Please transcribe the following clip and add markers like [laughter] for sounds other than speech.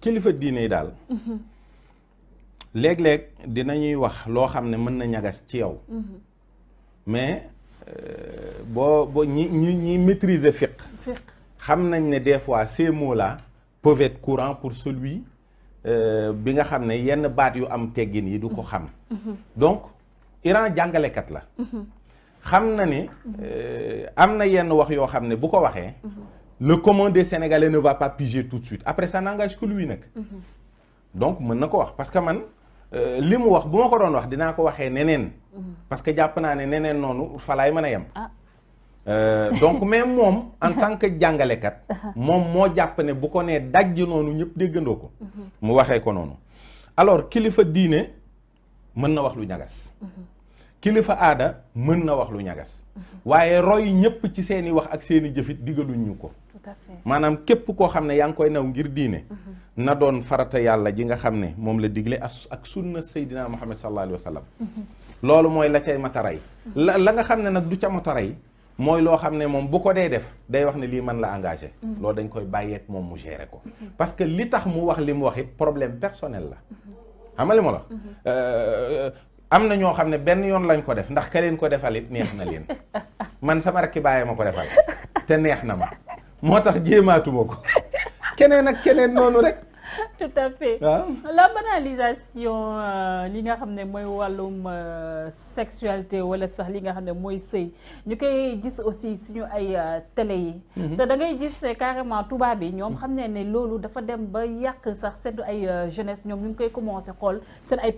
kilifa diine yi daal. léeg-léeg dinañuy wax loo xam ne mën na ñagas ci yow. mais euh, boo boo ñi ñi ñi maîtriser fiq xam nañ ne des fois ces mots là peuvent être courants pour celui euh, bi nga xam ne yenn baat yu am teggin yi du ko xam. donc Iran jàngalekat la. Mm-hmm. xam na ne mm-hmm. euh, am na yenn wax yoo xam ne bu ko waxee. Mm-hmm. le commun des Sénégalais ne va pas piger tout de suite après ça n'engage que lui nag. Mhm. donc mën na ko wax parce que man euh, li mu wax bu ma ko doon wax dinaa ko waxee neneen. Mhm. parce que jàpp naa ne neneen noonu falaay mën a yem. Ah. Euh, donc mais [laughs] moom en tant que jàngalekat. [laughs] Uh-huh. moom moo jàpp ne bu ko nee dajj noonu ñëpp déggandoo ko. Mhm. mu waxee ko noonu. alors kilifa diine mën na wax lu ñagas. kilifa aada mën na wax lu ñagas. waaye roy ñëpp ci seeni wax ak seeni jëfit digaluñ ko. maanaam képp koo xam ne yaa ngi koy naw ngir diine mhm. na doon farata yàlla ji nga xam ne moom la digle ak sunna saydina muhammad sallallahu alayhi wa sallam mhm. loolu mooy la cay mataray mhm. la la nga xam ne nag du ca mataray mooy loo xam ne moom bu ko dee def day wax ne lii man la engagé loolu dañ koy bàyyeek moom mu gérer ko parce que li tax mu wax li mu wax problème personnel la xamali ma la euh, am na ñoo xam ne benn yoon lañ ko def ndax ka leen ko defal neex na leen [laughs] man sama rakki bàyyee ma ko defal te neex na ma moo tax jéemaatuma ko keneen ak keneen noonu rek. tout à fait ah. la banalisation euh, li nga xam ne mooy wàllum euh, sexualité wala sax li nga xam ne mooy sëy ñu koy gis aussi suñu ay euh, télé yi mhm. te da ngay gis carrément tubaab yi ñoom mhm. xam ne ne loolu dafa dem ba yàq sax seen ay jeunesse ñoom ñu ngi koy commencé xool seen ay